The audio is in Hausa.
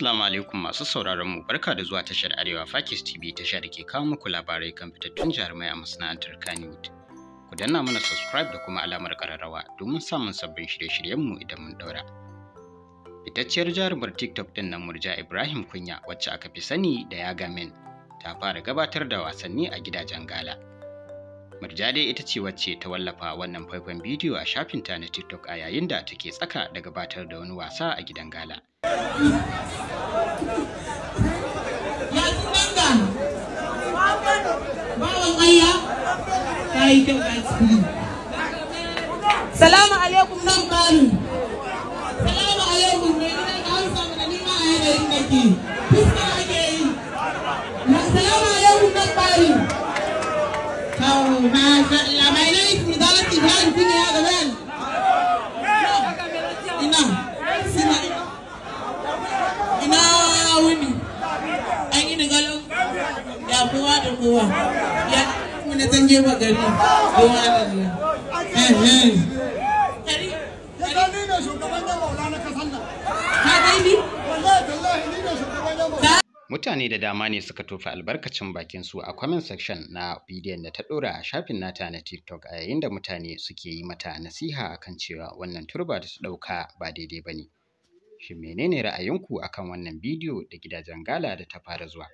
Assalamu alaikum masu sauraron mu barka da zuwa tashar Arewa Fakis TV tashar da ke kawo muku labarai kan fitattun jarumai a masana'antar Kannywood. Ku danna mana subscribe da kuma alamar kararrawa domin samun sabbin shirye-shiryen mu idan mun daura. Fitacciyar jarumar TikTok din nan Murja Ibrahim Kunya wacce aka fi sani da Yaga Men ta fara gabatar da wasanni a gidajen gala. Murja dai ita ce wacce ta wallafa wannan faifan bidiyo a shafin ta na TikTok a yayin da take tsaka da gabatar da wani wasa a gidan gala. yi kyau ga ciki salamu alaikum nan bani salamu alaikum mai hausa mana a yanayin nake fuska ake yi salamu alaikum nan bani kawo ma mai nai kuma ya ina sina ina wuni an yi kowa da kowa Mutane da dama ne suka tofa albarkacin bakin su a comment section na bidiyon da ta ɗora a shafin nata na TikTok a yayin da mutane suke yi mata nasiha akan cewa wannan turba da su ɗauka ba daidai bane Shin menene ra'ayinku akan wannan bidiyo da gidajen gala da ta fara zuwa?